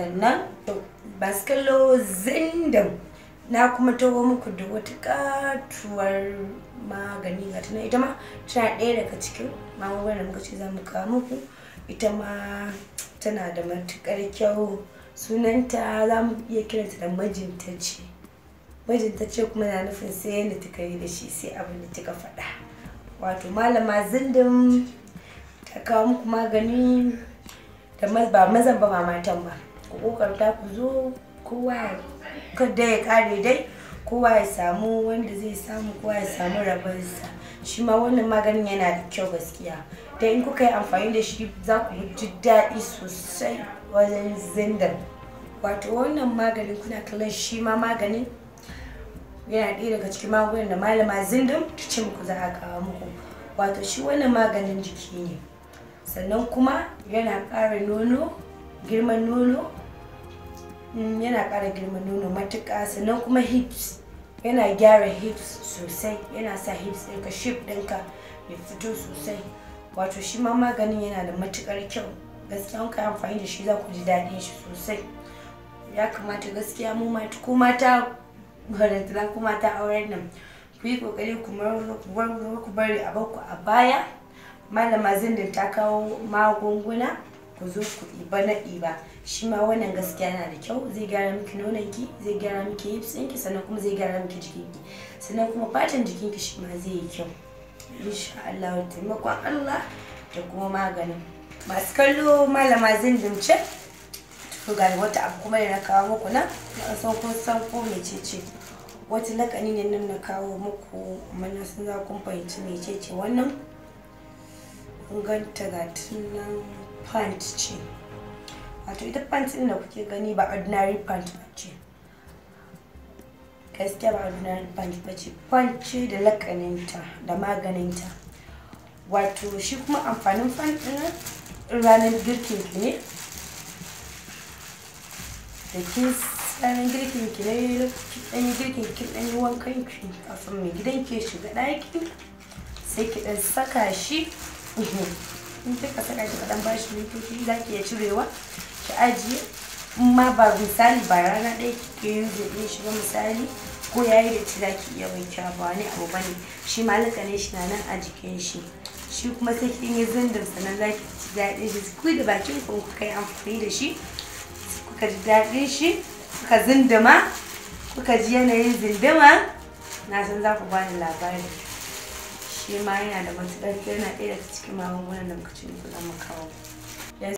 sannan to na kuma taho muku da wata katuwar magani ga tana ita ma tana ɗaya daga cikin magungunan da muka ce za mu kawo muku ita ma tana da matukar kyau sunanta za mu iya kiranta da majinta ce kuma na nufin sai yadda ta yi da shi sai abin da ka faɗa wato malama zindin ta kawo muku magani da ba mazan ba ba matan ba ku ta ku zo kowa kada ya kare dai kowa ya samu wanda zai samu kowa ya samu rabansa shi ma wannan maganin yana da kyau gaskiya da in kuka yi amfani da shi za ku ji daɗi sosai wajen zindan wato wannan maganin kuna kallon shi ma maganin yana ɗaya daga cikin magungunan da malama zindan ta ku muku za a kawo muku wato shi wannan maganin jiki ne sannan kuma yana ƙara nono girman nono mm, yana ƙara girman nono matuƙa sannan kuma hips yana gyara hips sosai yana sa hips ɗinka shape ɗinka ya fito sosai wato shi ma maganin yana da matuƙar kyau gaskiya ka amfani da shi za ku ji daɗin shi sosai ya kamata gaskiya mu mata ko mata barantana ko mata auren nan ku yi ƙoƙari ku bari a bakku a baya malama zindin ta kawo magunguna ku zo ku ɗiba na ɗiba shi ma wannan gaskiya yana da kyau zai gyara miki nononki zai gyara miki hips sannan kuma zai gyara miki jikinki sannan kuma fatan jikinki shi ma zai yi kyau insha Allah taimakon Allah da kuma maganin masu kallo malama zindin ce to ga wata abu kuma na kawo muku na san kun san ko mecece wata lakani ne nan na kawo muku mana sun za kun fahimci mecece wannan kun ganta ga nan pant ce wato ita pant ɗin da kuke gani ba ordinary pant ba ce gaskiya ba ordinary pant ba ce pant ce da lakaninta da maganinta wato shi kuma amfanin pant ɗin ranar girkin ki ne da kin ranar girkin ki ne ɗan yi girkin kin ɗan yi wankan ki kafin mai gidan ke shiga ɗaki sai ki ɗan saka shi in sai ka saka shi ka dan bashi mintoci za ki iya cirewa ki ajiye in ma ba misali ba rana ɗaya ki yin zuɗe shi ba misali ko yayi da ci za ki iya wankewa ba wani abu ba ne shi ma ne shi na nan a jikin shi shi kuma sai ki yi zindin sannan za ki ci daɗin shi ku da bakin ku kuka yi amfani da shi kuka ji daɗin shi kuka zindima kuka ji yanayin zindima na san za ku bani labari shi ma yana da matuƙar yana ɗaya daga cikin magungunan da muka ci muku za mu kawo